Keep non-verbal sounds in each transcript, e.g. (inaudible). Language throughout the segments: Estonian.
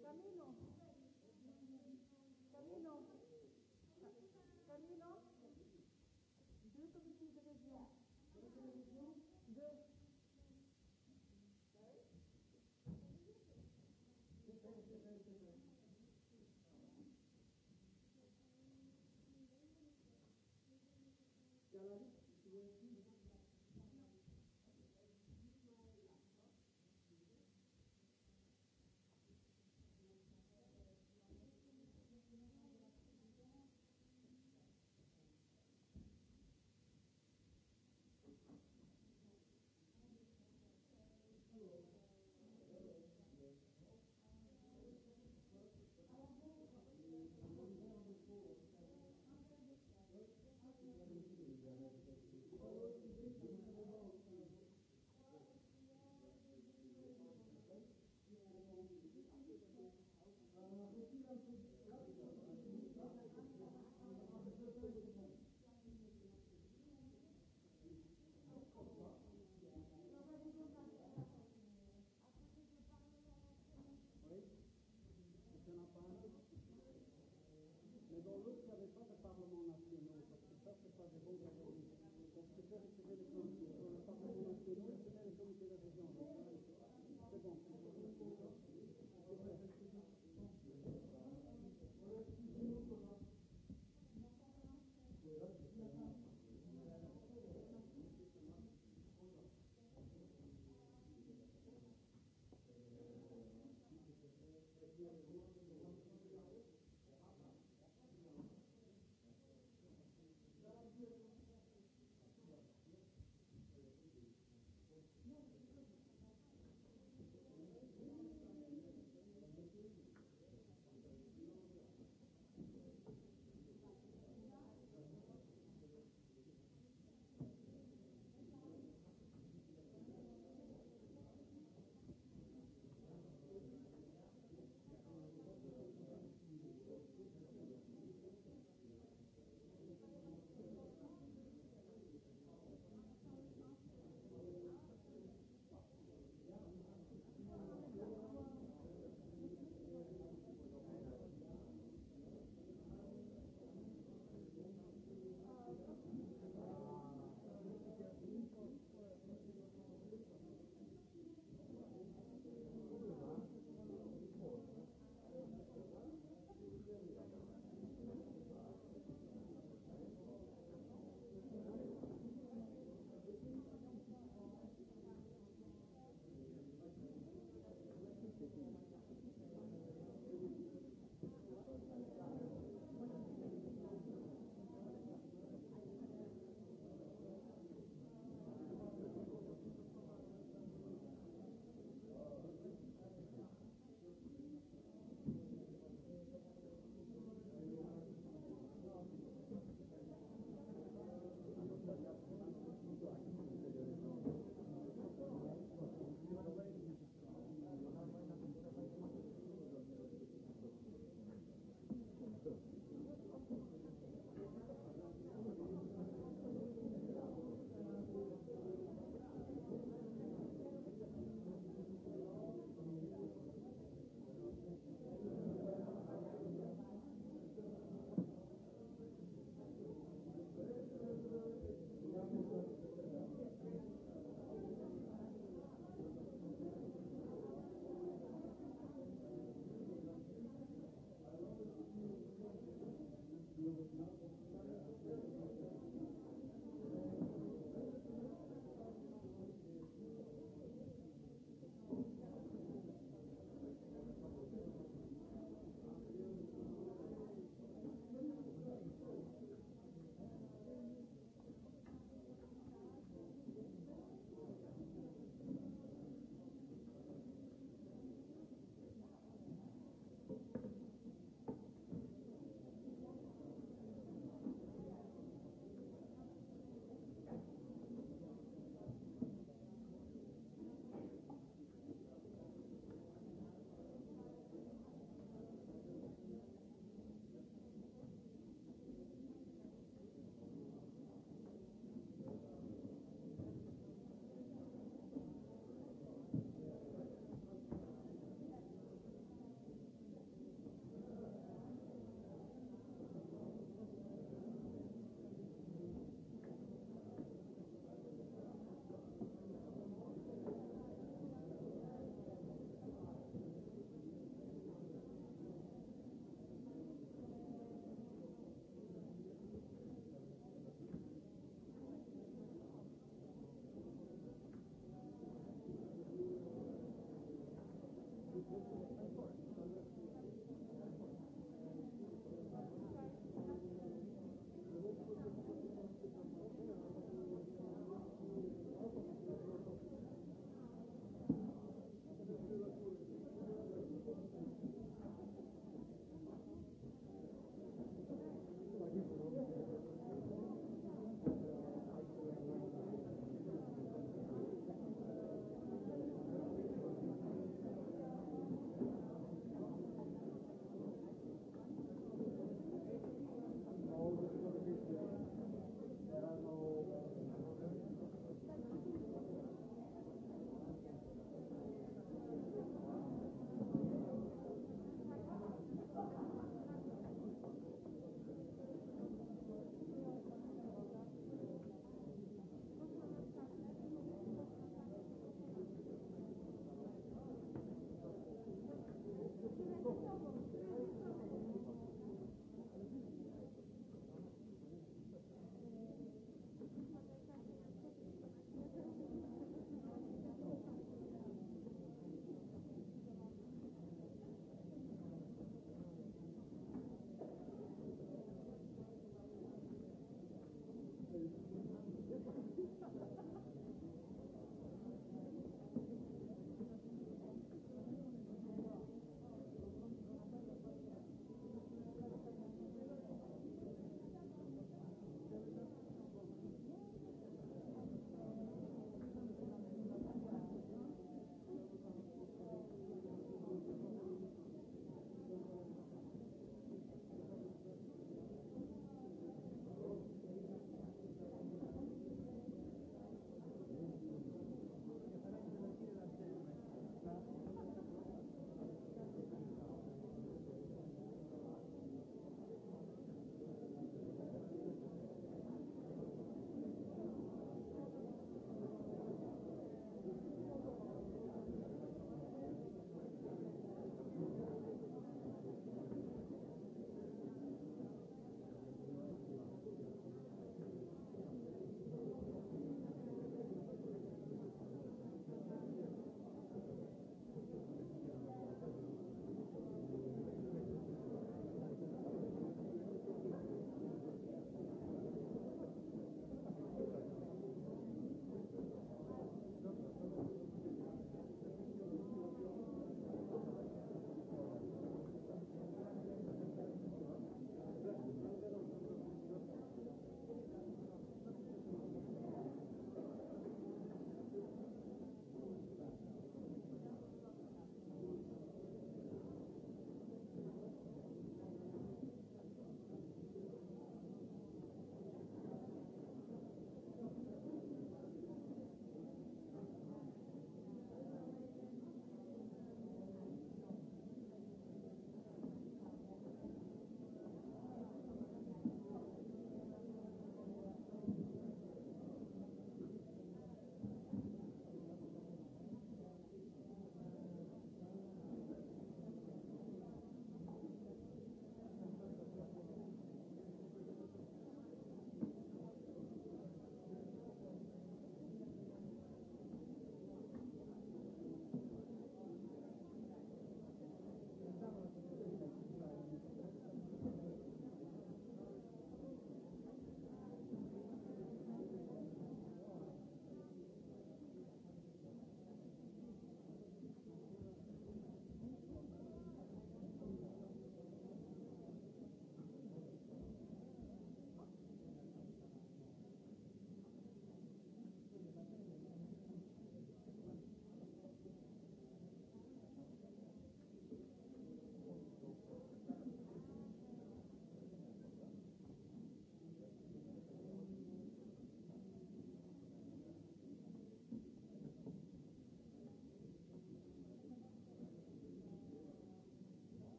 Camilo Parlement nationaux, parce que ça, c'est pas des bons organismes. Donc, c'est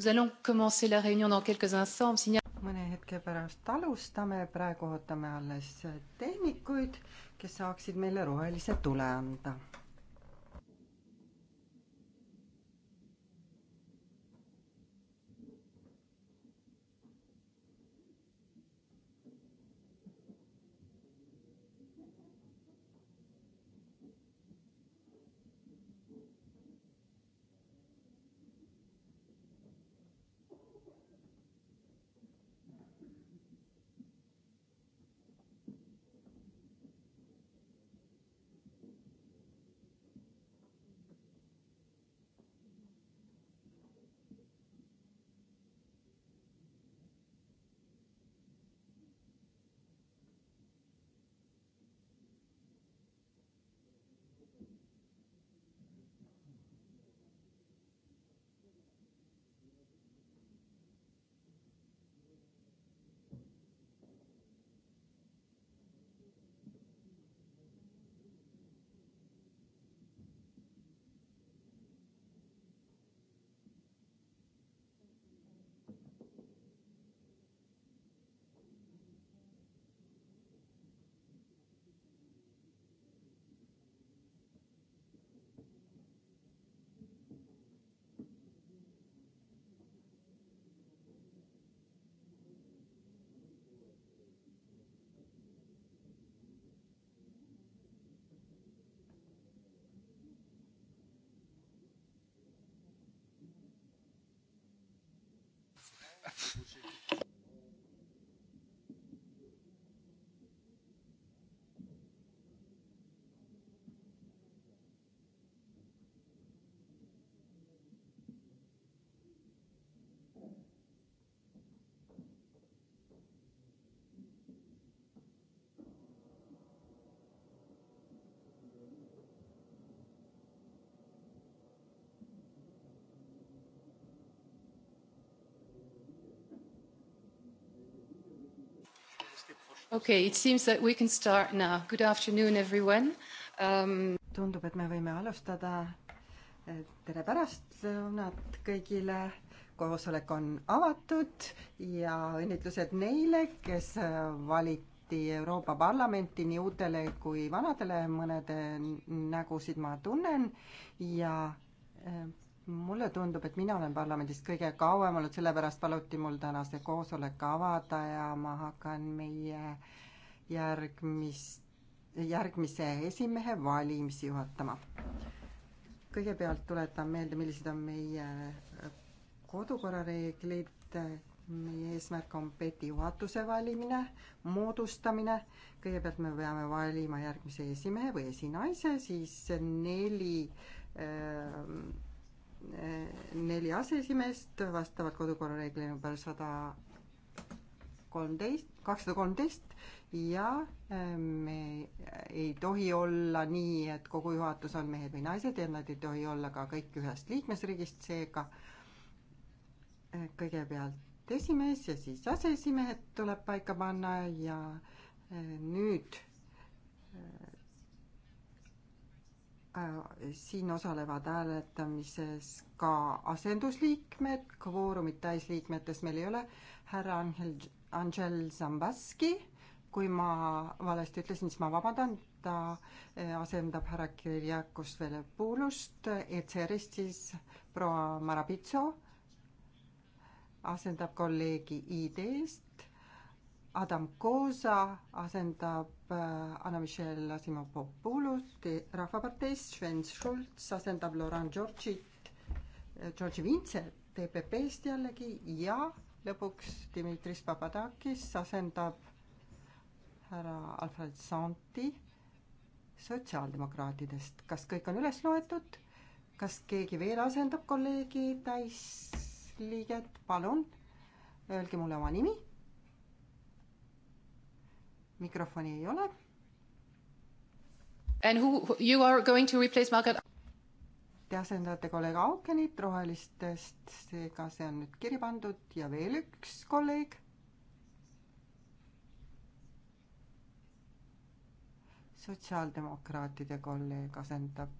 Nous allons commencer la réunion dans quelques instants. Signal... mõne hetke pärast alustame, praegu ootame alles tehnikuid, kes saaksid meile rohelise tule anda Okay, it seems that we can start now. Good afternoon, everyone um.... tundub, et me võime alustada. Eh, tere pärastlõunat kõigile. koosolek on avatud ja õnnitlused neile, kes eh, valiti Euroopa Parlamenti nii uutele kui vanadele, mõnede nägusid ma tunnen ja eh, mulle tundub, et mina olen parlamendist kõige kauem olnud, sellepärast paluti mul täna see koosolek avada ja ma hakkan meie järgmist, järgmise esimehe valimisi juhatama. kõigepealt tuletan meelde, millised on meie kodukorrareeglid, meie eesmärk on PETi juhatuse valimine, moodustamine, kõigepealt me peame valima järgmise esimehe või esinaise, siis neli öö, ehm, neli aseesimeest vastavalt kodukorra reegli number sada kolmteist, kakssada kolmteist ja ehm, me ei tohi olla nii, et kogu juhatus on mehed või naised ja nad ei tohi olla ka kõik ühest liikmesriigist, seega eh, kõigepealt esimees ja siis aseesimehed tuleb paika panna ja eh, nüüd Äh, siin osalevad hääletamises ka asendusliikmed, kvoorumit täisliikmetest meil ei ole, härra Angel, Angel Zambaski, kui ma valesti ütlesin, siis ma vabandan, ta äh, asendab härra Kirjakos Velepulust, ECR-ist siis proua Marabitso asendab kolleegi ID-st Adam Koosa asendab äh, Anna-Michelle Asimopopoulost Rahvaparteist, Sven Schultz asendab Laurent äh, Georgit, Georgi Vintset EPP-st jällegi ja lõpuks Dimitris Papadakis asendab härra Alfred Santi sotsiaaldemokraatidest. kas kõik on üles loetud? kas keegi veel asendab kolleegi täisliiget? palun öelge mulle oma nimi mikrofoni ei ole. And who you are going to replace Margaret? Te asendate kolleeg Aukenit rohelistest, seega see on nüüd kirja pandud ja veel üks kolleeg. sotsiaaldemokraatide kolleeg asendab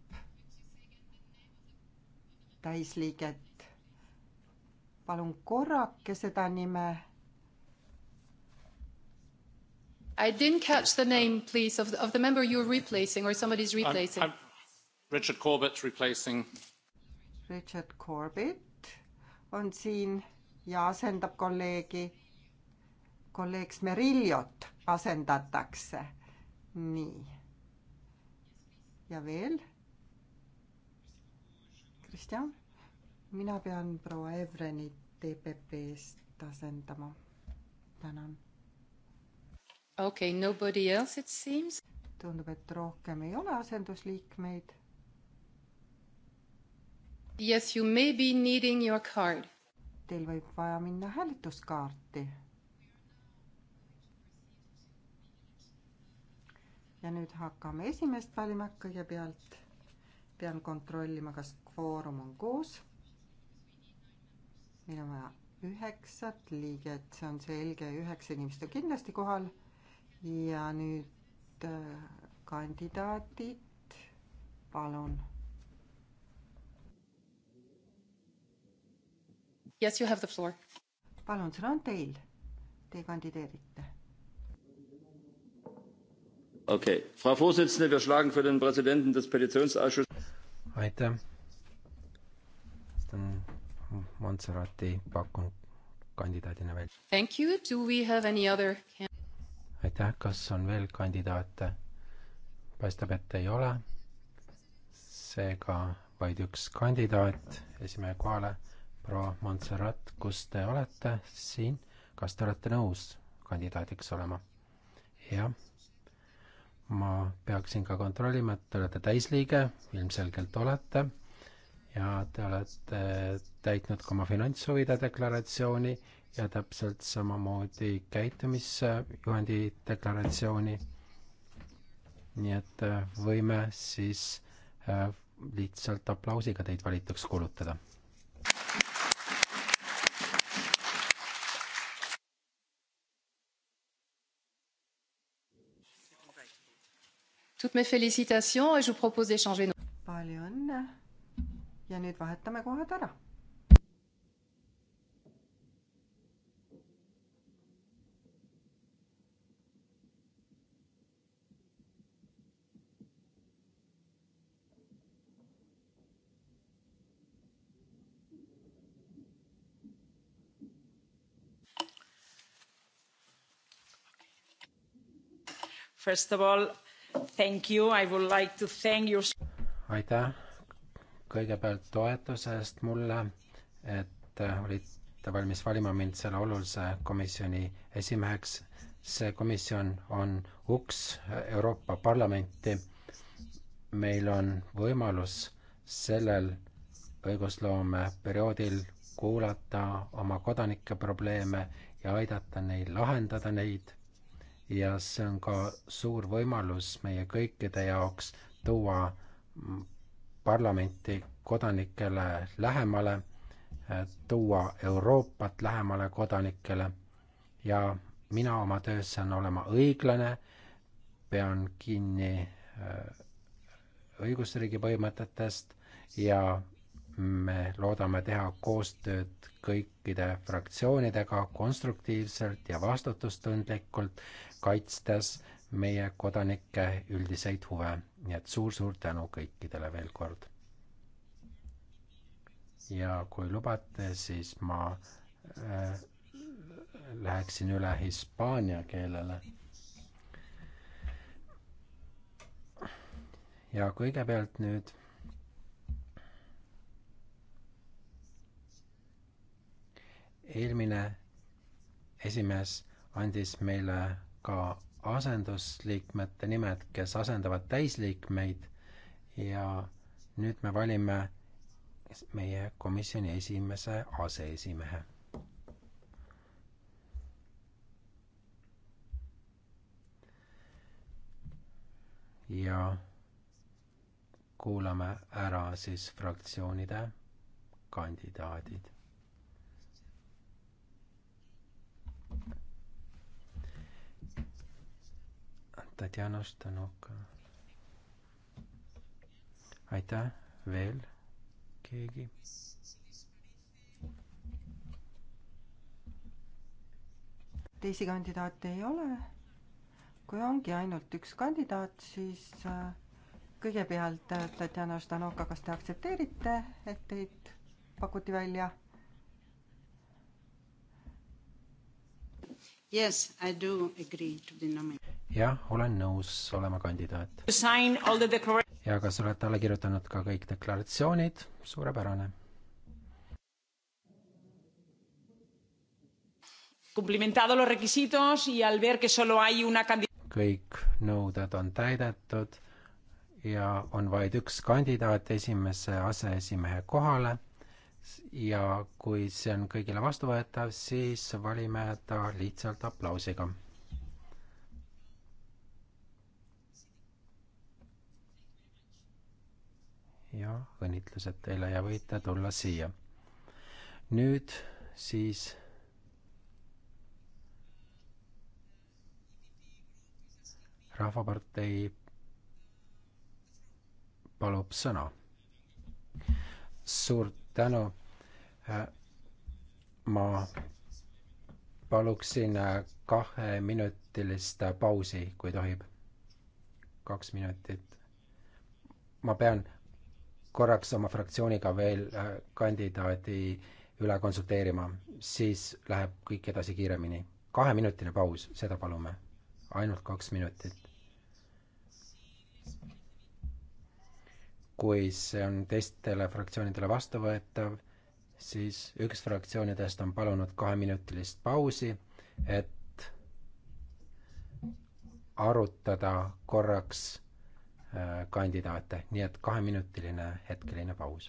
täisliiget. palun korrake seda nime I didn't catch the name, please, of the, of the member you're replacing or somebody's replacing. I'm, I'm Richard Corbett replacing. Richard Corbett on siin ja asendab kolleegi, kolleeg Smeriljot asendatakse. nii. ja veel? Kristjan? mina pean proua Evrenit EPP-st asendama. tänan okei okay,, nobody else it seems. tundub, et rohkem ei ole asendusliikmeid. Yes, you may be needing your card. Teil võib vaja minna hääletuskaarti. ja nüüd hakkame esimest valima kõigepealt. pean kontrollima, kas kvoorum on koos. meil on vaja üheksat liiget, see on selge, üheksa inimest on kindlasti kohal ja nüüd äh, kandidaadid, palun. Yes, you have the floor. palun, sõna on teil. Te kandideerite. okei okay., Frau Vorsitzende, wir schlagen für den Präsidenten des Petitionsausschusses. aitäh. Montserrati pakun kandidaadina välja. Thank you, do we have any other? aitäh, kas on veel kandidaate? paistab, et ei ole. seega vaid üks kandidaat esimene kohale, proua Montserrat, kus te olete siin, kas te olete nõus kandidaadiks olema? jah. ma peaksin ka kontrollima, et te olete täisliige, ilmselgelt olete, ja te olete täitnud ka oma finantshuvide deklaratsiooni ja täpselt samamoodi käitumisjuhendi deklaratsiooni. nii et äh, võime siis äh, lihtsalt aplausiga teid valituks kuulutada. palju õnne ja nüüd vahetame kohad ära First of all, thank you, I would like to thank you. aitäh kõigepealt toetuse eest mulle, et äh, olite valmis valima mind selle olulise komisjoni esimeheks. see komisjon on uks Euroopa Parlamenti. meil on võimalus sellel õigusloomeperioodil kuulata oma kodanike probleeme ja aidata neil lahendada neid ja see on ka suur võimalus meie kõikide jaoks tuua parlamenti kodanikele lähemale, tuua Euroopat lähemale kodanikele ja mina oma töös saan olema õiglane, pean kinni äh, õigusriigi põhimõtetest ja me loodame teha koostööd kõikide fraktsioonidega konstruktiivselt ja vastutustundlikult, kaitstes meie kodanike üldiseid huve. nii et suur-suur tänu kõikidele veel kord. ja kui lubate, siis ma äh, läheksin üle hispaania keelele. ja kõigepealt nüüd eelmine esimees andis meile ka asendusliikmete nimed, kes asendavad täisliikmeid ja nüüd me valime meie komisjoni esimese aseesimehe. ja kuulame ära siis fraktsioonide kandidaadid Tatjana Štanoka. aitäh, veel keegi? teisi kandidaate ei ole. kui ongi ainult üks kandidaat, siis äh, kõigepealt äh, Tatjana Štanoka, kas te aktsepteerite, et teid pakuti välja? Yes, I do agree to be nominated. jah, olen nõus olema kandidaat. ja kas olete alla kirjutanud ka kõik deklaratsioonid? suurepärane. kõik nõuded on täidetud ja on vaid üks kandidaat esimese aseesimehe kohale ja kui see on kõigile vastuvõetav, siis valime ta lihtsalt aplausiga. ja õnnitlused teile ja võite tulla siia. nüüd siis Rahvapartei palub sõna. suur tänu. Äh, ma paluksin äh, kaheminutilist äh, pausi, kui tohib. kaks minutit. ma pean korraks oma fraktsiooniga veel kandidaadi üle konsulteerima, siis läheb kõik edasi kiiremini. kaheminutine paus, seda palume. ainult kaks minutit kui see on teistele fraktsioonidele vastuvõetav, siis üks fraktsioonidest on palunud kaheminutilist pausi, et arutada korraks äh, kandidaate, nii et kaheminutiline hetkeline paus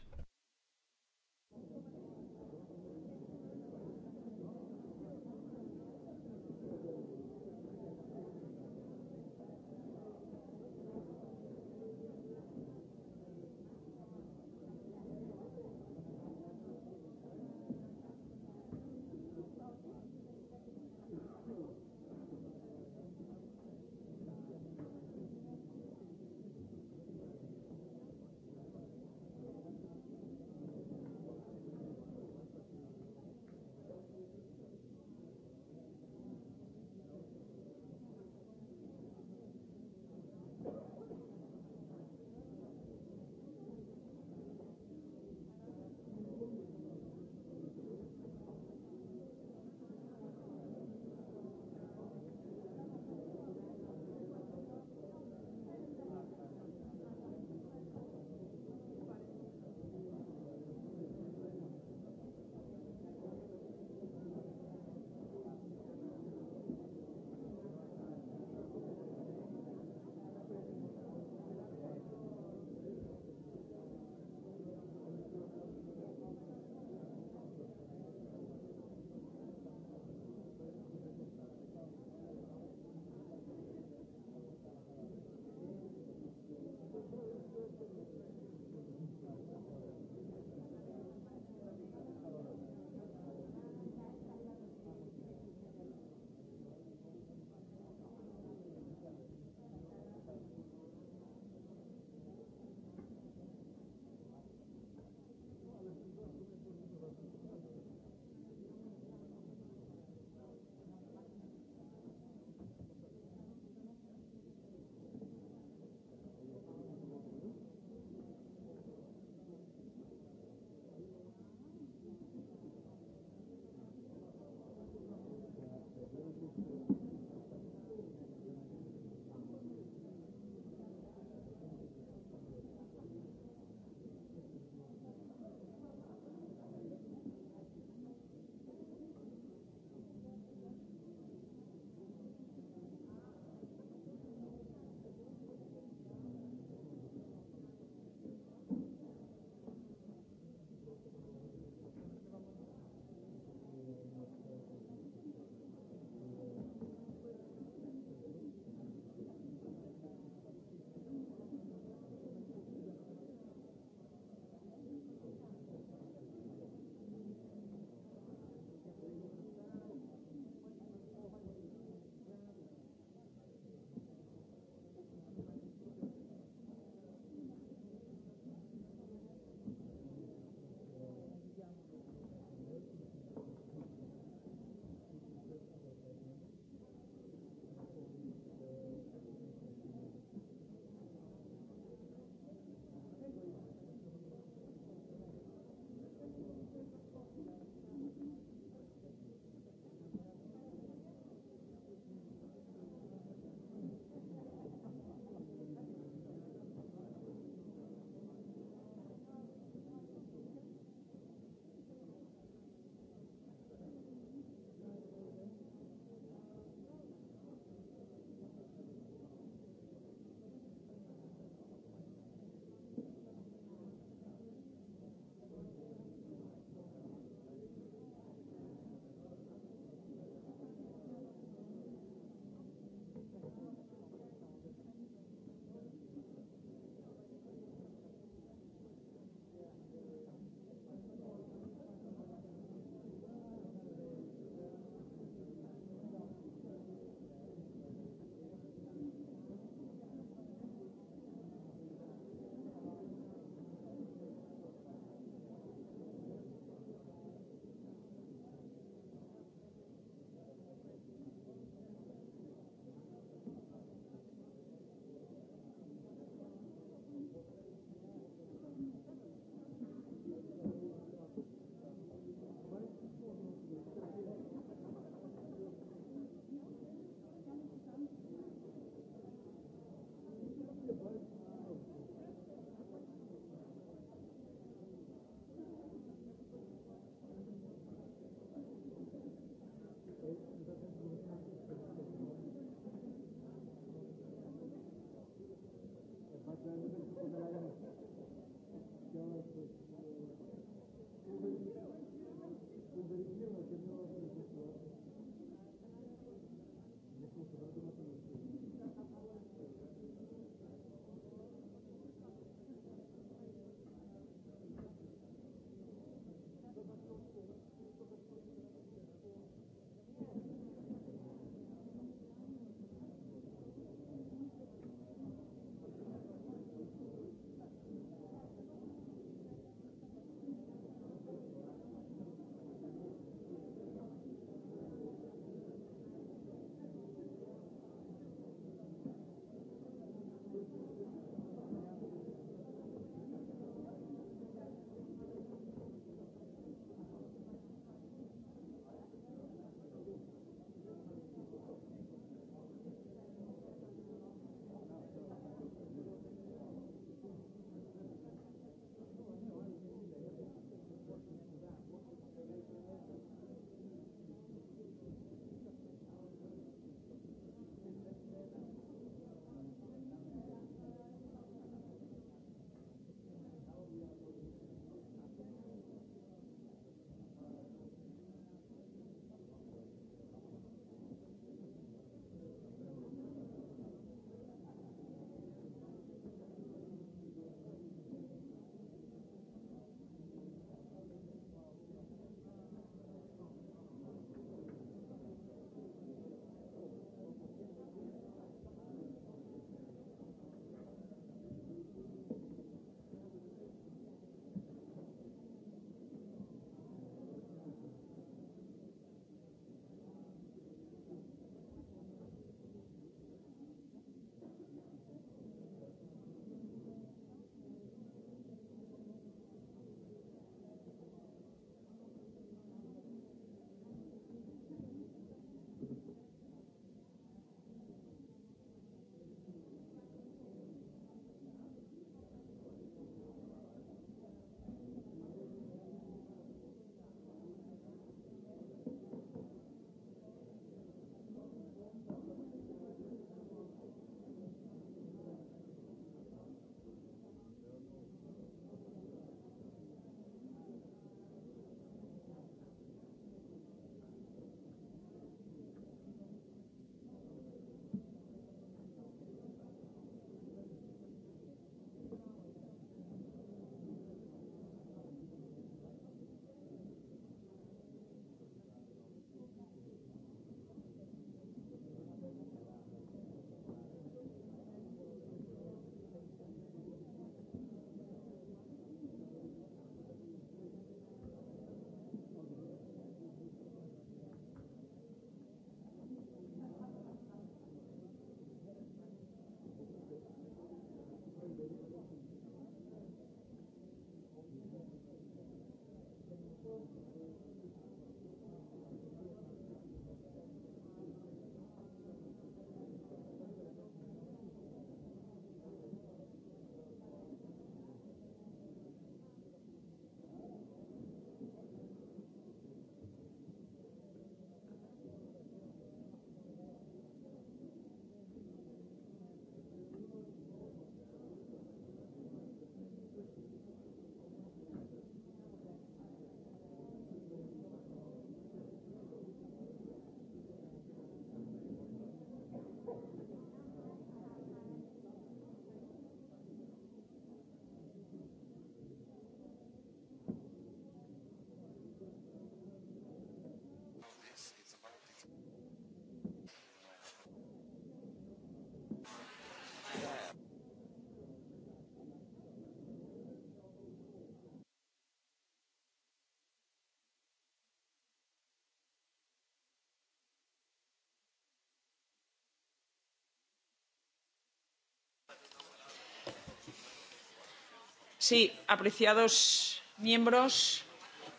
Sí, apreciados miembros,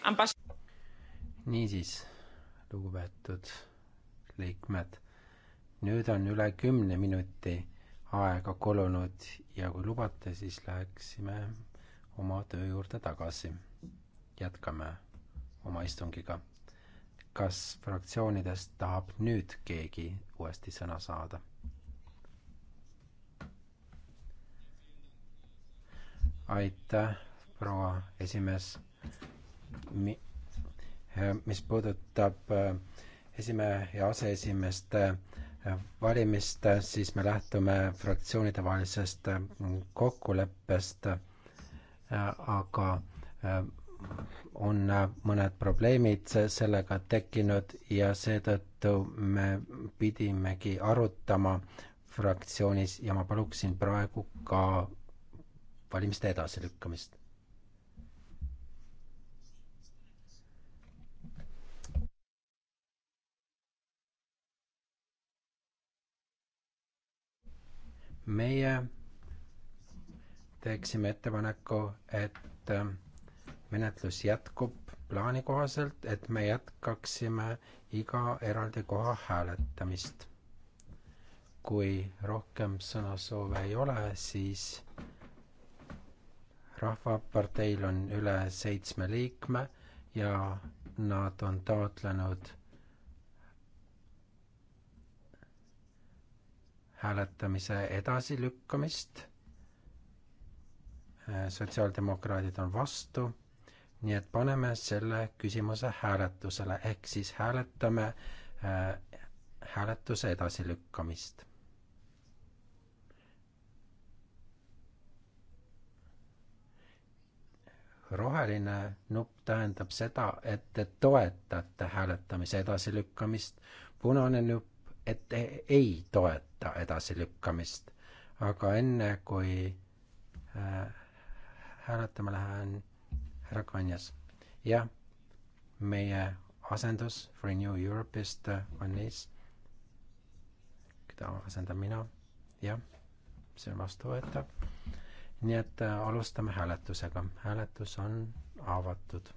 han pas-. niisiis, lugupeetud liikmed, nüüd on üle kümne minuti aega kulunud ja kui lubate, siis läheksime oma töö juurde tagasi. jätkame oma istungiga. kas fraktsioonidest tahab nüüd keegi uuesti sõna saada? aitäh, proua esimees. Eh, mis puudutab eh, esimehe ja aseesimeeste eh, valimist, siis me lähtume fraktsioonidevahelisest kokkuleppest, aga on mõned probleemid sellega tekkinud ja seetõttu me pidimegi arutama fraktsioonis ja ma paluksin praegu ka valimiste edasilükkamist. meie teeksime ettepaneku, et äh, menetlus jätkub plaani kohaselt, et me jätkaksime iga eraldi koha hääletamist. kui rohkem sõnasoove ei ole, siis rahvaparteil on üle seitsme liikme ja nad on taotlenud hääletamise edasilükkamist. sotsiaaldemokraadid on vastu, nii et paneme selle küsimuse hääletusele, ehk siis hääletame äh, hääletuse edasilükkamist roheline nupp tähendab seda, et te toetate hääletamise edasilükkamist, punane nupp, et te ei toeta edasilükkamist. aga enne, kui äh, hääletama lähen, härra Kanjas, jah, meie asendus Renew Europe'ist äh, on ees, keda asendan mina, jah, see on vastuvõetav nii et äh, alustame hääletusega. hääletus on avatud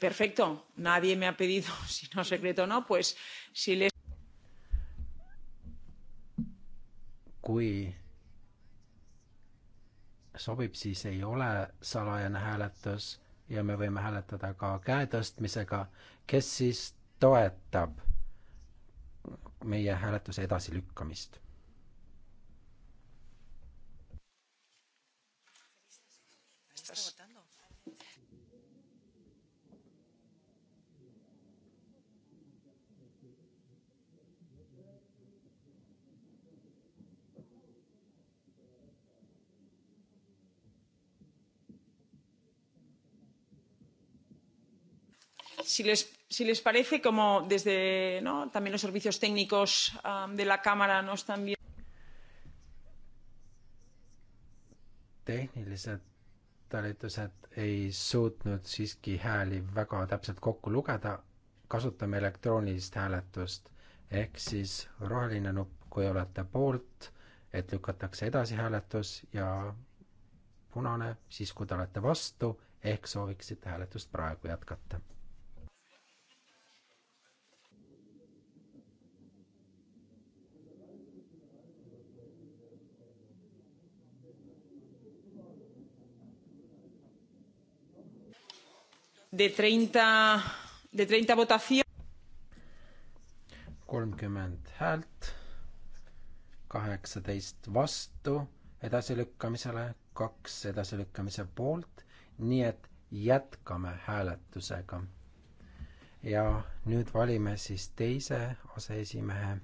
perfecto nadie me ha pedido (laughs) si no secreto o no pues si les kui sobib, siis ei ole salajane hääletus ja me võime hääletada ka käe tõstmisega, kes siis toetab meie hääletuse edasilükkamist. Estas si les, si les parece, como desde ¿no? también los servicios técnicos um, de la Cámara nos están viendo. tehnilised talitused ei suutnud siiski hääli väga täpselt kokku lugeda, kasutame elektroonilist hääletust. ehk siis roheline nupp, kui olete poolt, et lükatakse edasi hääletus ja punane siis, kui te olete vastu ehk sooviksite hääletust praegu jätkata de treinta, de treinta votatsioon. kolmkümmend häält, kaheksateist vastu edasilükkamisele, kaks edasilükkamise poolt, nii et jätkame hääletusega. ja nüüd valime siis teise aseesimehe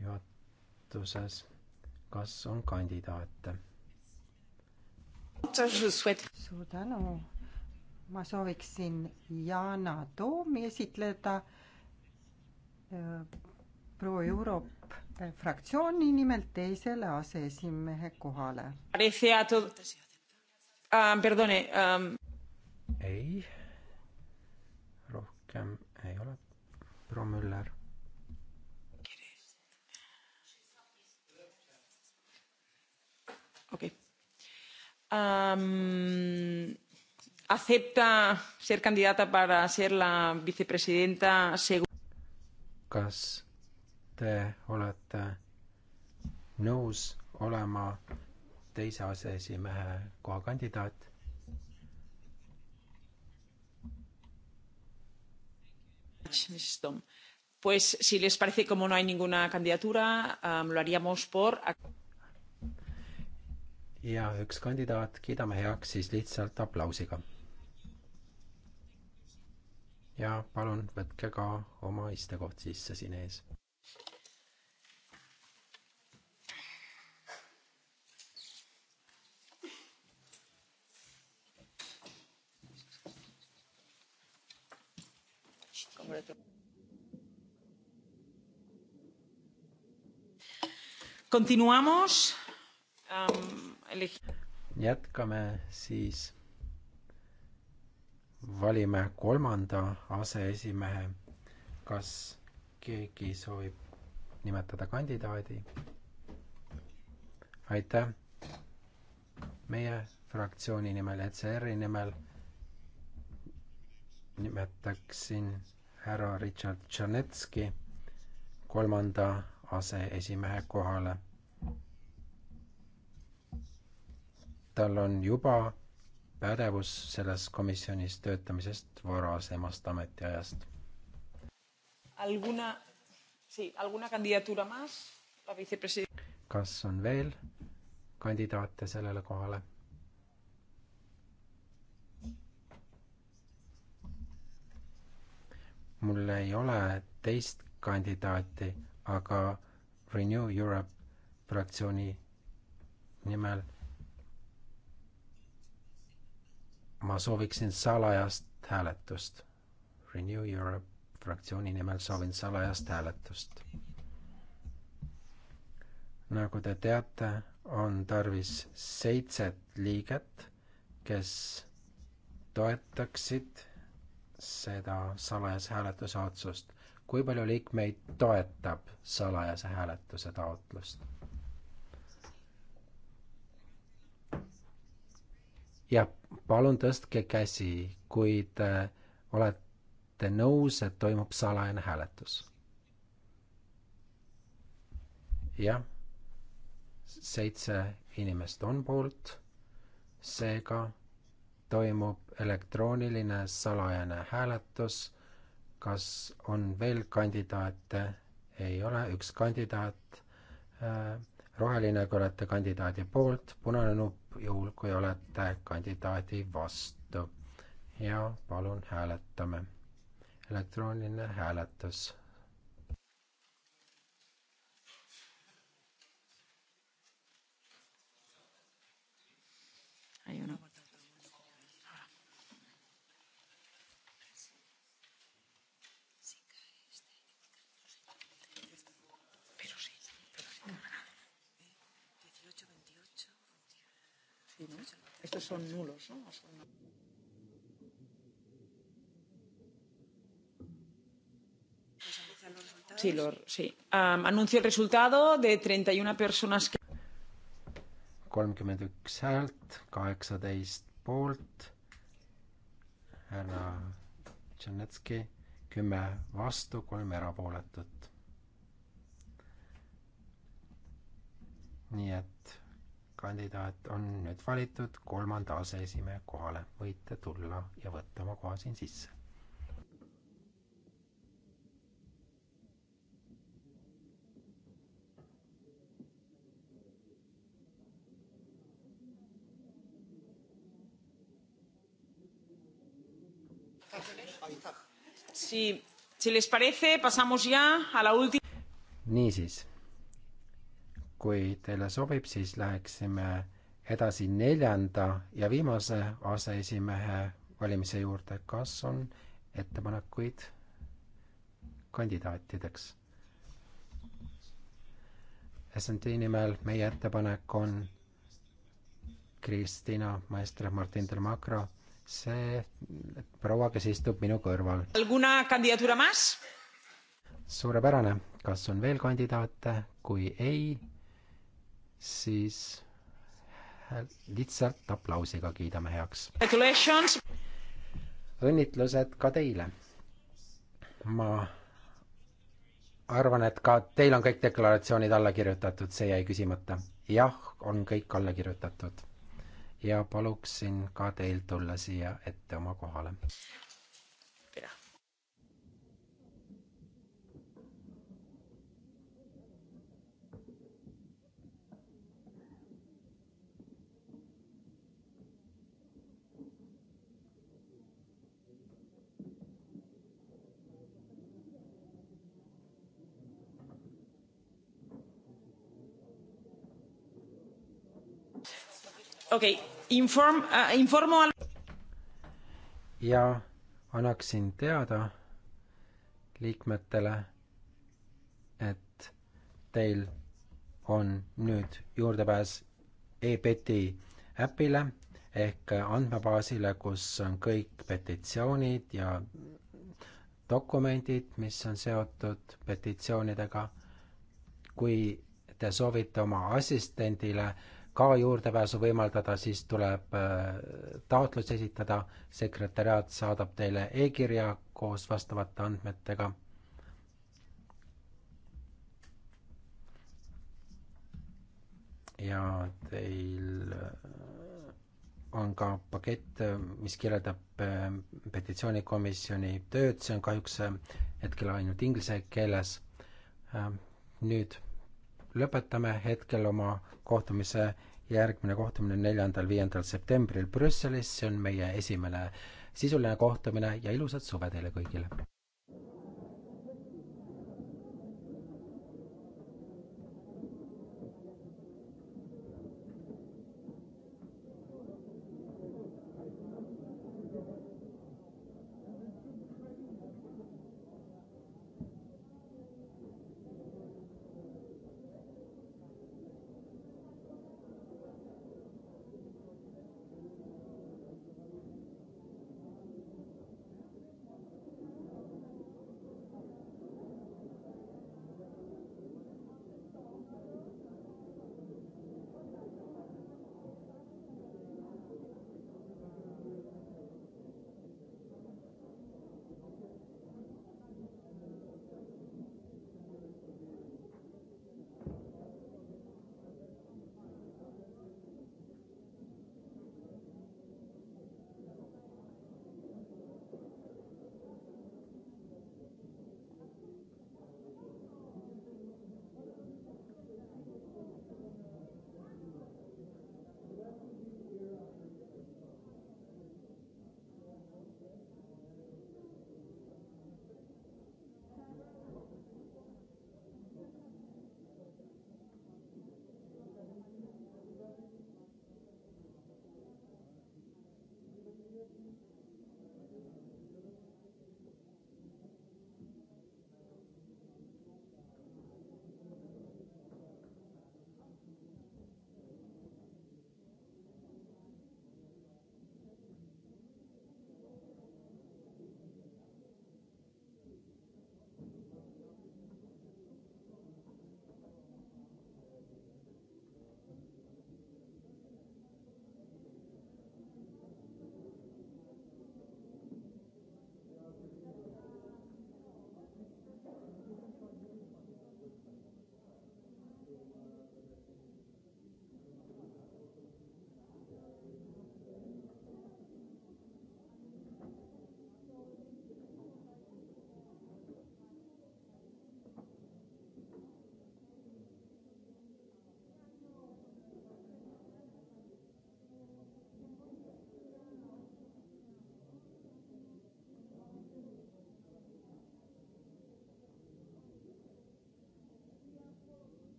juhatuses, kas on kandidaate suur tänu. ma sooviksin Yana Toomi esitleda äh, Pro Europe äh, fraktsiooni nimel teisele aseesimehe kohale. Ah, um- ei, rohkem ei ole. proua Müller. okei okay um, acepta ser candidata para ser la vicepresidenta segu-. kas te olete nõus olema teise aseesimehe koha kandidaat? Pues si les parece, como no hay ninguna candidatura, um, lo haríamos por ja üks kandidaat kiidame heaks siis lihtsalt aplausiga. ja palun võtke ka oma istekoht sisse siin ees. Continuamos. Um, jätkame siis, valime kolmanda aseesimehe. kas keegi soovib nimetada kandidaadi? aitäh! meie fraktsiooni nimel, ECR-i nimel nimetaksin härra Richard Tšernetski kolmanda aseesimehe kohale tal on juba pädevus selles komisjonis töötamisest varasemast ametiajast. kas on veel kandidaate sellele kohale? mul ei ole teist kandidaati, aga Renew Europe fraktsiooni nimel ma sooviksin salajast hääletust. Renew Europe fraktsiooni nimel soovin salajast hääletust. nagu te teate, on tarvis seitset liiget, kes toetaksid seda salajase hääletuse otsust. kui palju liikmeid toetab salajase hääletuse taotlust? ja palun tõstke käsi, kui te äh, olete nõus, et toimub salajane hääletus. jah, seitse inimest on poolt, seega toimub elektrooniline salajane hääletus. kas on veel kandidaate? ei ole, üks kandidaat äh, roheline, kui olete kandidaadi poolt, punane nupp juhul, kui olete kandidaadi vastu. ja palun hääletame. elektrooniline hääletus. ei ole. estos son nulos, ¿no? Son... Sí, lo, sí. Um, anuncio el resultado de 31 personas que... kolmkümmend üks häält, kaheksateist poolt, härra Tšernetski, kümme vastu, kolm erapooletut. nii et kandidaat on nüüd valitud kolmanda aseesimehe kohale. võite tulla ja võtta oma koha siin sisse. Si, si les parece, pasamos ya a la última. Niisiis kui teile sobib, siis läheksime edasi neljanda ja viimase aseesimehe valimise juurde. kas on ettepanekuid kandidaatideks? SMT nimel meie ettepanek on Kristina Maestre Martin del Macro, see proua, kes istub minu kõrval. suurepärane, kas on veel kandidaate, kui ei, siis lihtsalt aplausiga kiidame heaks. õnnitlused ka teile. ma arvan, et ka teil on kõik deklaratsioonid alla kirjutatud, see jäi küsimata. jah, on kõik alla kirjutatud. ja paluksin ka teil tulla siia ette oma kohale. okei okay,, inform äh,, informo al-. ja annaksin teada liikmetele, et teil on nüüd juurdepääs e-peti äpile ehk andmebaasile, kus on kõik petitsioonid ja dokumendid, mis on seotud petitsioonidega. kui te soovite oma assistendile äh, ka juurdepääsu võimaldada, siis tuleb äh, taotlus esitada, sekretäriaat saadab teile e-kirja koos vastavate andmetega. ja teil äh, on ka pakett, äh, mis kirjeldab petitsioonikomisjoni tööd, see on kahjuks hetkel ainult inglise keeles. nüüd lõpetame hetkel oma kohtumise, järgmine kohtumine neljandal-viiendal septembril Brüsselis, see on meie esimene sisuline kohtumine ja ilusat suve teile kõigile!